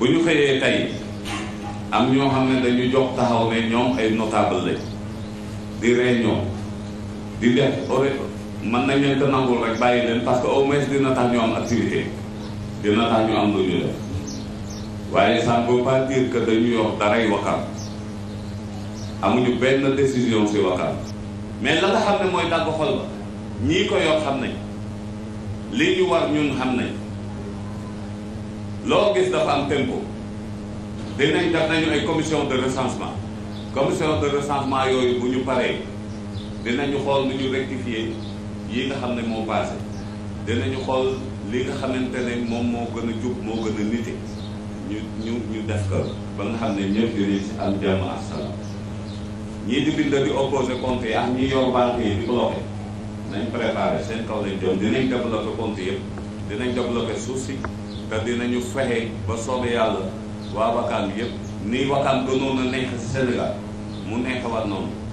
bu ñu xëyee tey am ñoo xam ne dañu jox taxaw ne ñoom ay notable lañ di réunion di def mën nañ leen ko nangul rek bàyyi leen parce que au moins dina tax ñu am activité dina tax ñu am lu ñu def waaye ça ne veut pas dañu yor daray Wakam amuñu benn décision si Wakam mais la nga xam ne mooy dagg xol ba ñii ko yor xam nañ li ñu war ñun xam nañ loo gis dafa am tempo dinañ def nañu ay commission de recensement commission de recensement yooyu bu ñu paree dinañu xool nu ñu rectifier yi nga xam ne moo passé dinañu xool li nga xamante ne moom moo gën a jub moo gën a nite ñu ñu ñu def ko ba nga xam ne ñëpp dinañ si am jàmm ak salaam ñii di bind di opposé compte yi ak ñi yor banque yi di bloqué nañ préparé seen kaw lañ jëm dinañ développé compte yëpp dinañ développé suuf si te dinañu fexe ba soobee yàlla waa Wakaam yëpp nii Wakaam gënoon a neex si Sénégal mu neexawaat noonu